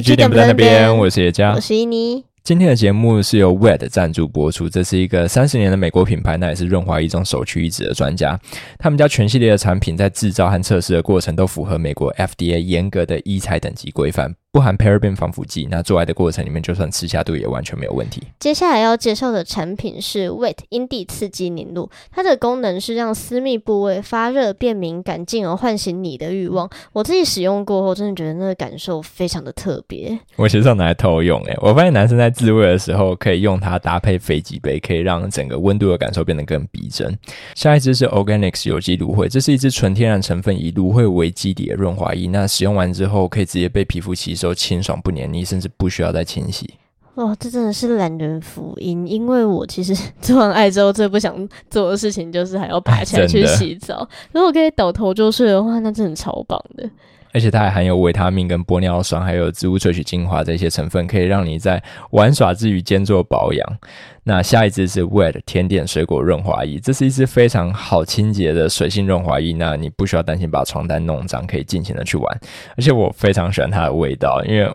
G 點不在那邊，我是葉佳，我是依妮。今天的節目是由 Wet 的贊助播出，這是一個三十年的美國品牌，那也是潤滑液中首屈一指的專家。他們家全系列的產品在制造和測試的過程都符合美國 FDA 嚴格的醫材等級規範。不含 paraben 防腐劑，那做愛的過程裡面就算吃下肚也完全沒有問題。接下來要介紹的產品是 Wet 陰蒂刺激凝露，它的功能是讓私密部位發熱變敏感，進而喚醒你的欲望。我自己使用過後，真的覺得那個感受非常的特別。我其實拿來偷用、欸，誒，我發現男生在自慰的時候可以用它搭配飛機杯，可以讓整個溫度的感受變得更逼真。下一支是 Organics 有機蘆薈，這是一支純天然成分以蘆薈為基底的潤滑液。那使用完之後可以直接被皮膚吸收。就清爽不黏膩，甚至不需要再清洗。哇，這真的是懶人福音！因為我其實做完愛之後，最不想做的事情就是還要爬起來去洗澡。哎、如果可以倒頭就睡的話，那真的超棒的。而且它還含有維他命、跟玻尿酸，還有植物萃取精華這些成分，可以讓你在玩耍之餘兼做保養。那下一支是 Wet 甜點水果潤滑液。這是一支非常好清潔的水性潤滑液，那你不需要擔心把床單弄髒，可以盡情的去玩。而且我非常喜歡它的味道，因為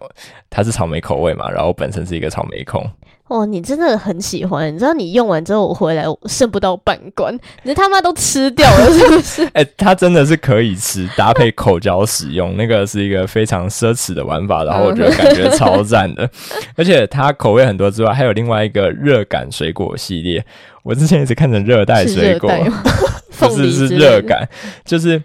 它是草莓口味嘛，然後本身是一個草莓控。哦，你真的很喜歡，你知道你用完之後我回來剩不到半罐，你他媽都吃掉了是不是？哎、 欸，它真的是可以吃，搭配口交使用， 那個是一個非常奢侈的玩法，然後我覺得感覺超讚的。 而且它口味很多之外，還有另外一個熱感水果系列，我之前一直看成熱帶水果，不是熱、 就是熱感，就是。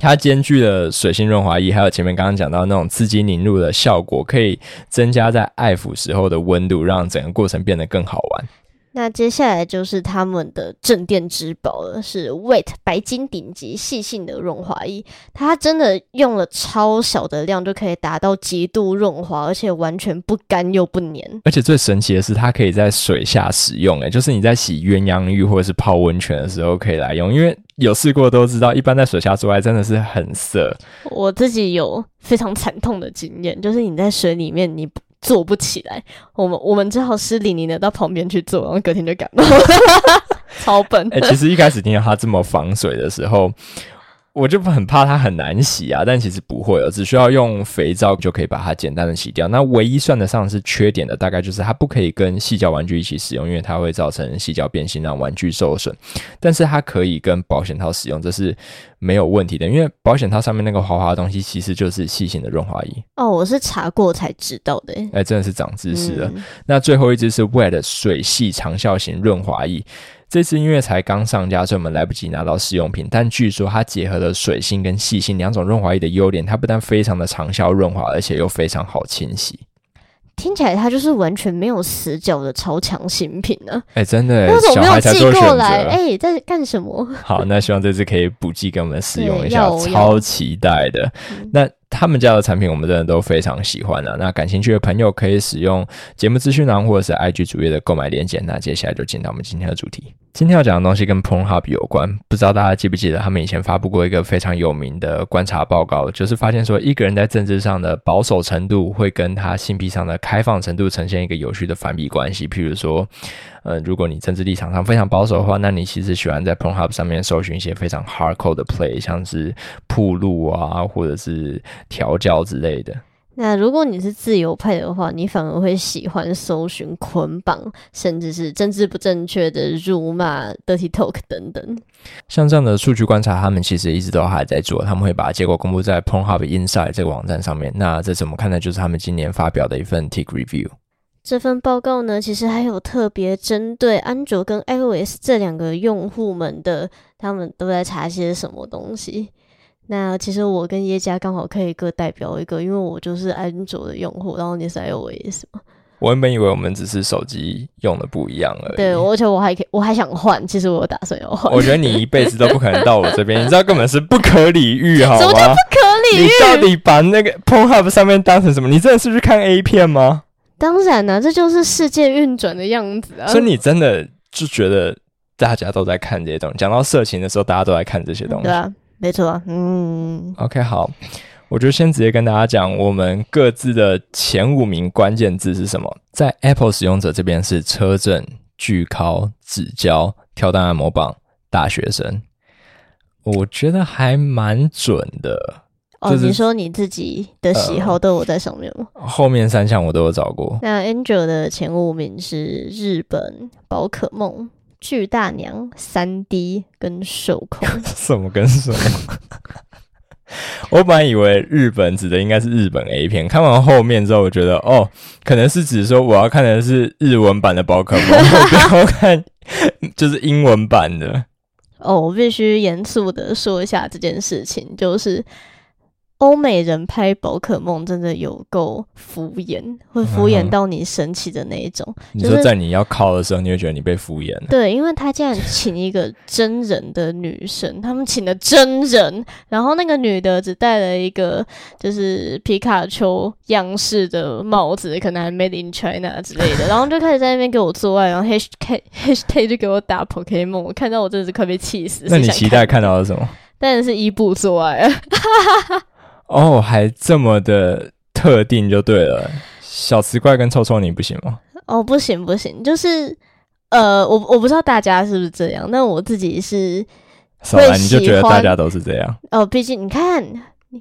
它兼具了水性潤滑液，還有前面剛剛講到那種刺激凝露的效果，可以增加在愛撫時候的溫度，讓整個過程變得更好玩。那接下來就是他們的鎮店之寶了，是 Wet 白金頂級矽性的潤滑液。它真的用了超小的量就可以達到極度潤滑，而且完全不乾又不粘。而且最神奇的是，它可以在水下使用，欸，就是你在洗鴛鴦浴或者是泡溫泉的時候可以來用。因為有試過都知道，一般在水下做愛真的是很澀。我自己有非常慘痛的經驗，就是你在水裡面你，你不。坐不起來，我們我們只好濕淋淋的到旁邊去坐，然後隔天就感冒了， 超笨。哎，其實一開始聽到他這麼防水的時候，我就很怕它很難洗啊，但其實不會的，哦，只需要用肥皂就可以把它簡單的洗掉。那唯一算得上是缺點的，大概就是它不可以跟矽膠玩具一起使用，因為它會造成矽膠變形，讓玩具受損。但是它可以跟保險套使用，這是沒有問題的，因為保險套上面那個滑滑的東西其實就是矽性的潤滑液。哦，我是查過才知道的。誒、欸、真的是長知識了。嗯、那最後一支是 WET 水矽長效型潤滑液。這次因為才剛上架，所以我們來不及拿到試用品。但據說它結合了水性跟矽性兩種潤滑液的優點，它不但非常的長效潤滑，而且又非常好清洗。聽起來它就是完全沒有死角的超強新品呢、啊！哎、欸，真的、欸，為小孩沒寄過來？哎，在幹什麼？好，那希望這次可以補寄給我們試用一下，超期待的。嗯、那他們家的產品，我們真的都非常喜歡的、啊。那感興趣的朋友可以使用節目資訊欄或者是 IG 主頁的購買鏈接。那接下來就進到我們今天的主題。今天要講的東西跟 Pornhub 有關，不知道大家記不記得他們以前發布過一個非常有名的觀察報告，就是發現說一個人在政治上的保守程度會跟他性癖上的開放程度呈現一個有趣的反比關係。譬如說。呃、嗯，如果你政治立場上非常保守的話，那你其實喜歡在 Pornhub 上面搜尋一些非常 hardcore 的 play，像是鋪路啊，或者是調教之類的。那如果你是自由派的話，你反而會喜歡搜尋捆綁，甚至是政治不正確的辱罵、dirty talk 等等。像這樣的數據觀察，他們其實一直都還在做，他們會把結果公布在 Pornhub Inside 這個網站上面。那這次我們看的就是他們今年發表的一份 Tech Review。這份報告呢，其實還有特別針對安卓跟 iOS 這兩個用戶們的，他們都在查些什麼東西。那其實我跟葉家剛好可以各代表一個，因為我就是安卓的用戶，然後你是 iOS 嗎？我原本以為我們只是手機用的不一樣而已。對，而且我還可以，我還想換。其實我打算要換。我覺得你一輩子都不可能到我這邊， 你知道根本是不可理喻哈！ 好嗎？什麼叫不可理喻？你到底把那個 Pornhub 上面當成什麼？你真的是不是看 A 片嗎？當然啦、啊，這就是世界運轉的樣子啊！所以你真的就覺得大家都在看這些東西。講到色情的時候，大家都在看這些東西，對啊，沒錯，嗯。OK，好，我就先直接跟大家講，我們各自的前五名關鍵字是什麼？在 Apple 使用者這邊是車震、巨尻、指交、跳蛋按摩棒、大學生。我覺得還蠻準的。哦，就是、你說你自己的喜好、呃、都有在上面嗎？後面三項我都有找過。那 Android 的前五名是日本、寶可夢、巨大娘、三 D 跟手控。什麼跟什麼？ 我本來以為日本指的應該是日本 A 片，看完後面之後，我覺得哦，可能是指說我要看的是日文版的寶可夢，然後 我不要看就是英文版的。哦，我必須嚴肅的說一下這件事情，就是。歐美人拍寶可夢真的有夠敷衍，會敷衍到你神奇的那一種。你說在你要靠的時候，你會覺得你被敷衍。對，因為他竟然請一個真人的女生，他們請的真人，然後那個女的只戴了一個就是皮卡丘樣式的帽子，可能還 Made in China 之類的，然後就開始在那邊給我做愛，然後 H K H K 就給我打寶可夢，我看到我真的是快被氣死。那你期待看到了什麼？但是伊布做愛。啊，哈哈哈。哦，還這麼的特定就對了。小磁怪跟臭臭泥不行嗎？哦，不行不行，就是呃，我我不知道大家是不是這樣，那我自己是。少來、啊，你就覺得大家都是這樣。哦，畢竟你看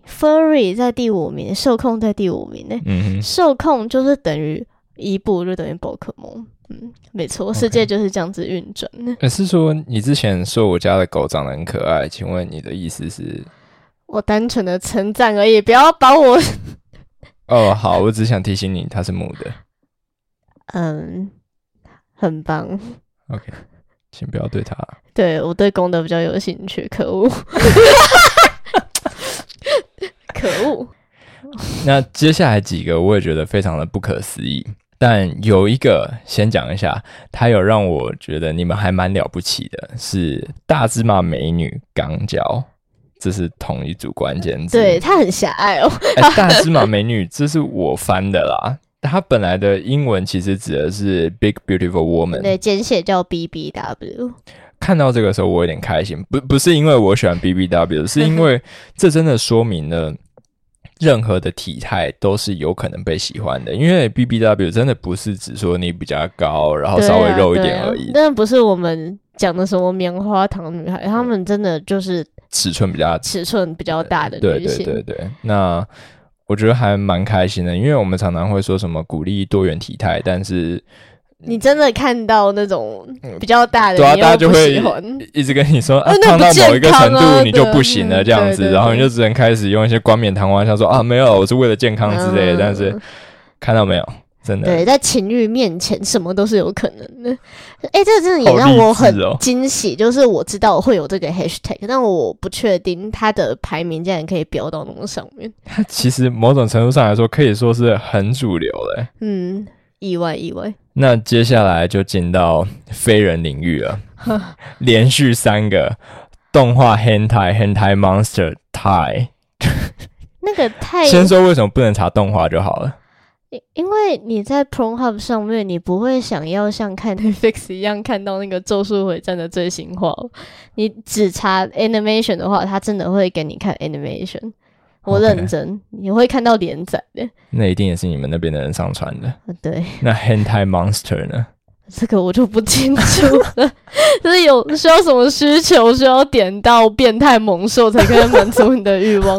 ，Furry 在第五名，獸控在第五名呢、欸。嗯嗯哼。獸控就是等於一步就等於寶可夢。嗯，沒錯，世界就是這樣子運轉。可，okay. 欸，是說你之前說我家的狗長得很可愛，請問你的意思是？我單純的稱讚而已，不要把我。哦，好，我只想提醒你，它是母的。嗯，很棒。OK，請不要對它。對，我對公的比較有興趣，可惡！ 可惡。 那接下來幾個我也覺得非常的不可思議，但有一個先講一下，它有讓我覺得你們還蠻了不起的，是大字馬美女肛交。這是同一組關鍵詞，對，她很狹隘哦、 欸。大芝麻美女，這是我翻的啦。她 本來的英文其實指的是 Big Beautiful Woman，對，簡寫叫 BBW。看到這個時候，我有點開心，不不是因為我喜歡 BBW， 是因為這真的說明了任何的體態都是有可能被喜歡的，因為 BBW 真的不是只說你比較高，然後稍微肉一點而已。那、啊啊、不是我們。講的什麼棉花糖女孩？她們真的就是尺寸比較尺寸比較，尺寸比較大的女性。對，對對對對，那我覺得還蠻開心的，因為我們常常會說什麼鼓勵多元體態，但是你真的看到那種比較大的，對啊，大家就會一直跟你說啊，啊胖到某一個程度你就不行了對這樣子，嗯、對對對然後你就只能開始用一些冠冕堂皇像說啊，沒有，我是為了健康之類的，嗯、但是看到沒有。真的對，在情欲面前，什麼都是有可能的。哎、欸，這個真的也讓我很驚喜。哦、就是我知道我會有這個 hashtag，但我不確定它的排名竟然可以飆到那麼上面。它其實某種程度上來說，可以說是很主流的。嗯，意外，意外。那接下來就進到非人領域了。呵連續三個動畫 hentai hentai monster tie，那個泰 先說為什麼不能查動畫就好了。因因為你在 Pornhub 上面，你不會想要像看 Netflix 一樣看到那個《咒術回戰》的最新話喔。你只查 animation 的話，他真的會給你看 animation。Okay, 我認真，你會看到連載的。那一定也是你們那邊的人上傳的。對。那 Hentai Monster 呢？這個我就不清楚了。 就是有需要什麼需求，需要點到變態猛獸，才可以滿足你的欲望。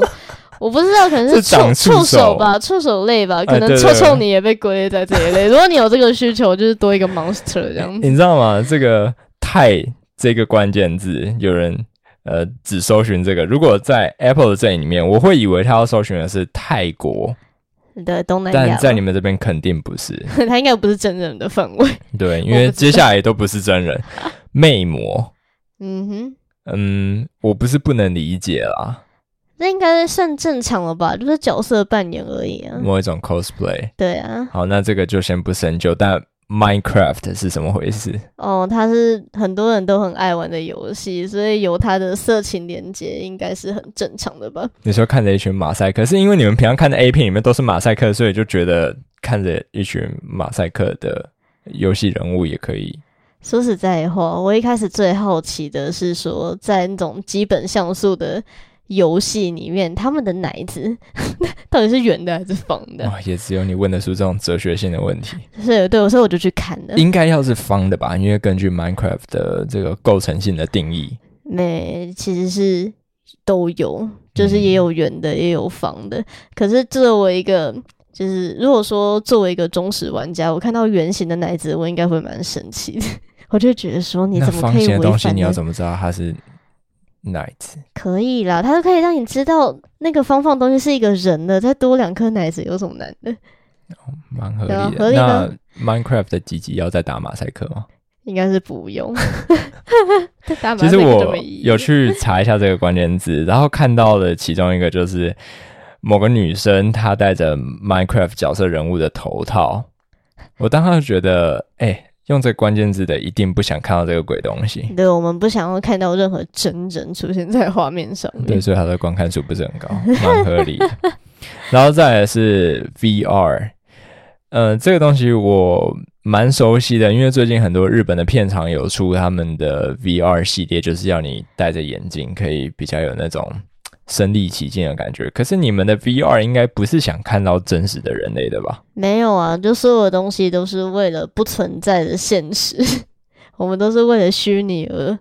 我不知道，可能是觸觸手吧，觸手類吧，呃、可能臭臭你也被歸類在這一類。呃、對對對，如果你有這個需求，就是多一個 monster 這樣子。你知道嗎？這個泰這個關鍵字，有人呃只搜尋這個。如果在 Apple 的陣營裡面，我會以為他要搜尋的是泰國的東南亞，但在你們這邊肯定不是。 他應該不是真人的範圍。對，因為接下來也都不是真人， 魅魔。嗯哼。嗯，我不是不能理解啦。那應該算正常了吧，就是角色扮演而已啊。某一種 cosplay。對啊。好，那這個就先不深究。但 Minecraft 是什麼回事？哦，它是很多人都很愛玩的遊戲，所以有它的色情連接，應該是很正常的吧？你說看着一群馬賽克，是因為你們平常看的 A 片裡面都是馬賽克，所以就覺得看着一群馬賽克的遊戲人物也可以。說實在話，我一開始最好奇的是說，在那種基本像素的。遊戲裡面他們的奶子 到底是圓的還是方的？哦。也只有你問得出這種哲學性的問題。是，對，所以我就去看了。應該要是方的吧，因為根據 Minecraft 的這個構成性的定義。那其實是都有，就是也有圓的，嗯、也有方的。可是作為一個，就是如果說作為一個忠實玩家，我看到圓形的奶子，我應該會蠻生氣的。 我就覺得說，你怎麼可以違反？那方形的東西？你要怎麼知道它是？奶子 Knight 可以啦，它就可以讓你知道那個方方東西是一個人的。再多兩顆奶子有什麼難的？哦、蠻合理的。嗯、合理的。那 Minecraft 的吉吉要再打馬賽克嗎？應該是不用。打馬賽克。其實我有去查一下這個關鍵字， 然後看到了其中一個就是某個女生她戴着 Minecraft 角色人物的頭套，我當時就覺得哎。欸用這關鍵字的一定不想看到這個鬼東西。對，我們不想要看到任何真人出現在畫面上面。對，所以它的觀看數不是很高，蠻 合理的。然後再來是 VR，嗯、呃，這個東西我蠻熟悉的，因為最近很多日本的片場有出他們的 VR 系列，就是要你戴着眼鏡，可以比較有那種。身臨其境的感覺，可是你們的 VR 應該不是想看到真實的人類的吧？沒有啊，就所有東西都是為了不存在的現實，我們都是為了虛擬而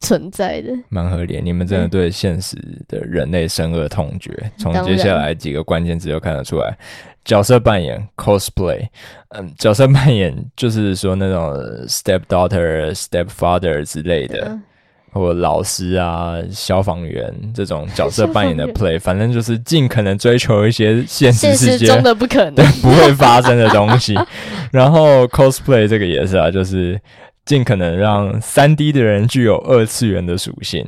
存在的。蠻可憐，你們真的對現實的人類深惡痛絕，從對接下來幾個關鍵詞就看得出來。然角色扮演 cosplay，嗯，角色扮演就是說那種 step daughter、step father 之類的。或者老師啊，消防員這種角色扮演的 play，反正就是盡可能追求一些現實世界、現實中的不可能，對，不會發生的東西。 然後 cosplay 這個也是啊，就是盡可能讓三 D 的人具有二次元的屬性。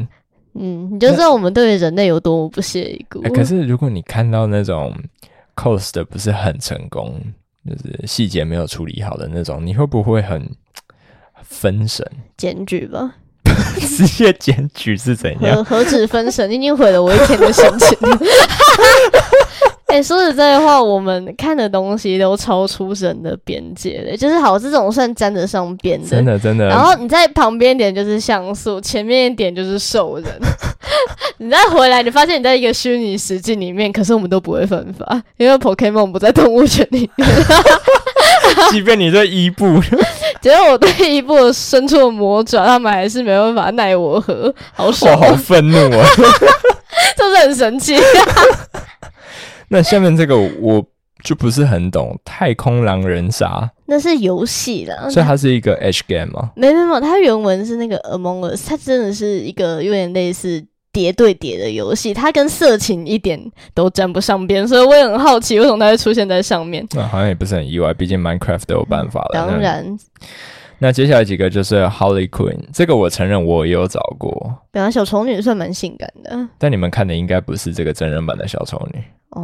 嗯，你就知道我們對人類有多麼不屑一顧、欸。可是如果你看到那種 cos 的不是很成功，就是細節沒有處理好的那種，你會不會很分神？檢舉吧。直接檢舉是怎樣？何止分神，你已經毀了我一天的心情。哎、 欸，說實在的話，我們看的東西都超出神的邊界了。就是好，這種算沾得上邊的，的，真的真的。然後你在旁邊一點就是像素，前面一點就是獸人。 你再回來，你發現你在一個虛擬世界裡面，可是我們都不會犯法，因為 Pokemon 不在動物群裡面。 即便你在伊布。 只要我對一部伸出了魔爪，他們還是沒辦法奈我何，好爽、啊！好憤怒啊，是不 是很神奇、啊。 那下面這個我就不是很懂，《太空狼人殺》那是遊戲啦，所以它是一個 H game 嗎？沒沒有它原文是那個 Among Us，它真的是一個有點類似。疊對疊的遊戲，它跟色情一點都沾不上邊，所以我也很好奇為什麼它會出現在上面。那、嗯、好像也不是很意外，畢竟 Minecraft 都有辦法了。嗯、當然那，那接下來幾個就是《Harley Quinn》這個，我承認我也有找過。對啊，小丑女算蠻性感的，但你們看的應該不是這個真人版的小丑女。哦、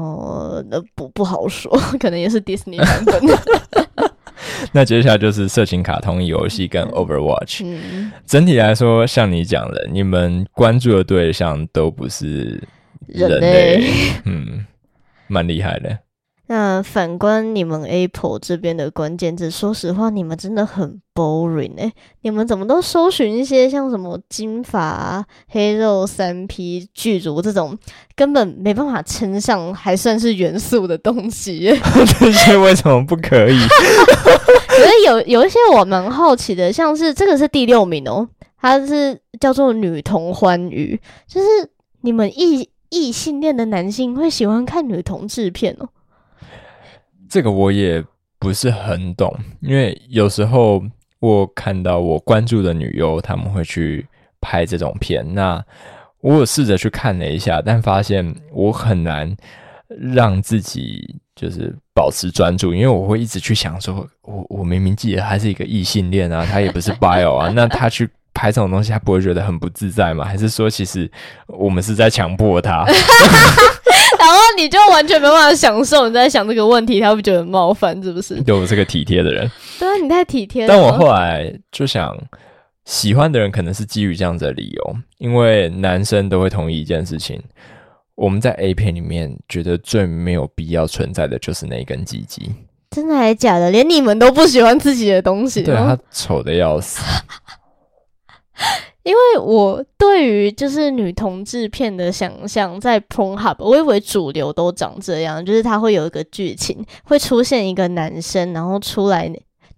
呃，那不不好說，可能也是迪士尼版本的。 那接下來就是色情卡通遊戲跟 Overwatch。嗯，整體來說，像你講的，你們關注的對象都不是人類，人欸、 嗯，蠻厲害的。那反觀你們 Apple 這邊的關鍵詞，說實話，你們真的很 boring 哎、欸！你們怎麼都搜尋一些像什麼金髮、啊、黑肉三 P 巨乳這種根本沒辦法稱上還算是元素的東西、欸？ 這些為什麼不可以？因 為 有有一些我蠻好奇的，像是這個是第六名哦，它是叫做女同歡愉，就是你們異異性戀的男性會喜歡看女同志片哦。這個我也不是很懂，因為有時候我看到我關注的女優，她們會去拍這種片。那我有試着去看了一下，但發現我很難讓自己就是保持專注，因為我會一直去想說：說我我明明記得她是一個異性戀啊，她也不是 bio 啊， 那她去拍這種東西，她不會覺得很不自在嗎？還是說，其實我們是在強迫她？ 你就完全沒辦法享受，你在想這個問題，他不覺得很冒犯是不是？我是個體貼的人， 對啊，你太體貼。但我後來就想，喜歡的人可能是基於這樣子的理由，因為男生都會同意一件事情：我們在 A 片裡面覺得最沒有必要存在的就是那根雞雞。真的還假的？連你們都不喜歡自己的東西，對，他醜的要死。 因為我對於就是女同志片的想象在 Pornhub，我以為主流都長這樣，就是它會有一個劇情，會出現一個男生，然後出來。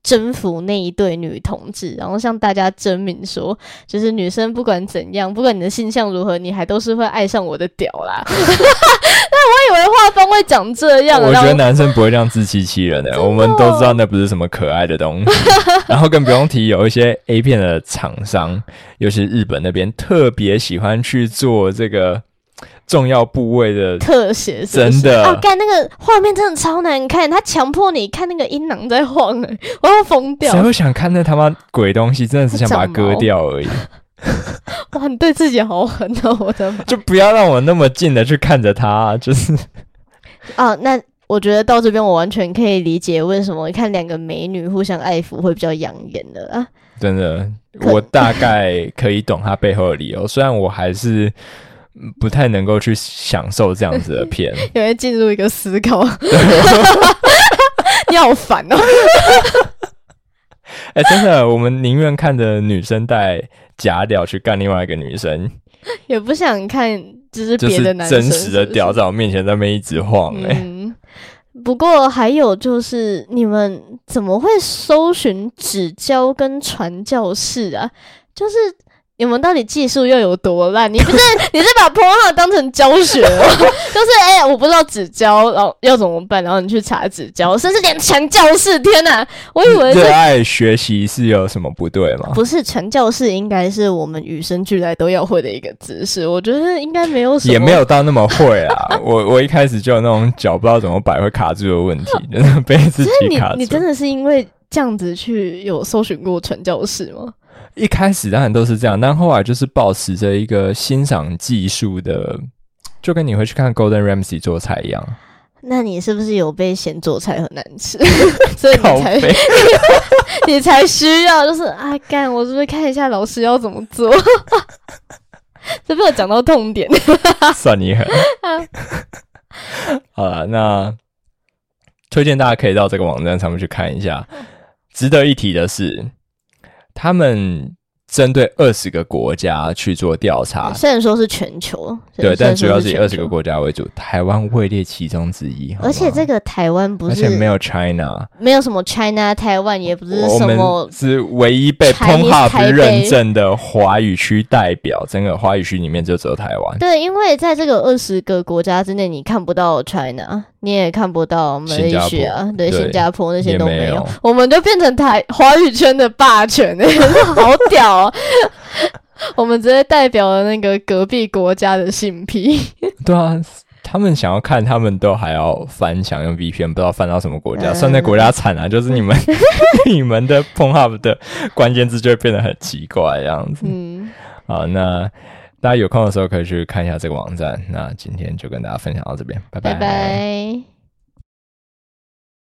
徵服那一對女同志，然後向大家證明說，就是女生不管怎樣，不管你的性向如何，你還都是會愛上我的屌啦。 但我以為畫風會長這樣，我覺得男生不會這樣自欺欺人的，道我們都知道那不是什麼可愛的東西。 然後更不用提有一些 A 片的廠商，尤其日本那邊特別喜歡去做這個。重要部位的特寫是不是？真的啊！幹那個畫面真的超難看，他強迫你看那個陰囊在晃、欸，哎，我要瘋掉！誰會想看那他媽鬼東西？真的是想把它割掉而已。哇、啊，你對自己好狠哦、啊，我的就不要讓我那麼近的去看着他、啊，就是。啊，那我覺得到這邊我完全可以理解為什麼看兩個美女互相愛撫會比較養眼的啊！真的，我大概可以懂他背後的理由，雖然我還是。不太能夠去享受這樣子的片，因為進入一個思考。 你好煩哦！哎，真的，我們寧願看着女生帶假屌去幹另外一個女生，也不想看，就是別的男生是真實的屌是不是？在我面前在那邊一直晃哎、欸嗯。不過還有就是，你們怎麼會搜尋指交跟傳教士啊？就是。你們到底技術又有多爛？你不是，你是把破號當成教學哦？ 就是哎、欸，我不知道指教，然後要怎麼辦？然後你去查指教，甚至連傳教士，天哪！我以為熱愛學習是有什麼不對嗎？不是傳教士，應該是我們與生俱來都要會的一個姿勢。我覺得應該沒有什麼，也沒有到那麼會啊。 我我一開始就有那種腳不知道怎麼擺會卡住的問題，真的被自己 卡住。你你真的是因為這樣子去有搜尋過傳教士嗎？一開始當然都是這樣，但後來就是保持着一個欣賞技術的，就跟你會去看 Golden Ramsay 做菜一樣。那你是不是有被嫌做菜很難吃？ 所以你才妹 你才需要，就是啊幹，我是不是看一下老師要怎麼做？ 這不要講到痛點？ 算你狠。 好啦，那推薦大家可以到這個網站上面去看一下。值得一提的是。他們針對二十個國家去做調查，雖然說是全球，對，但主要是以二十個國家為主。台灣位列其中之一，而且這個台灣不是而且沒有 China，沒有什麼 China，台灣也不是什麼，是唯一被 Pornhub 被認證的華語區代表。北整個華語區裡面就只有台灣。對，因為在這個二十個國家之內，你看不到 China。你也看不到我們、啊，新加啊，對，對新加坡那些都沒有，沒有我們就變成台華語圈的霸權呢、欸， 好屌啊！ 我們直接代表了那個隔壁國家的性癖。對啊，他們想要看，他們都還要翻牆用 VPN，不知道翻到什麼國家，嗯、算那國家慘啊，就是你們 你們的 Pornhub 的關鍵字就會變得很奇怪這樣子。嗯，好，那。大家有空的時候可以去看一下這個網站。那今天就跟大家分享到這邊，拜拜。拜拜。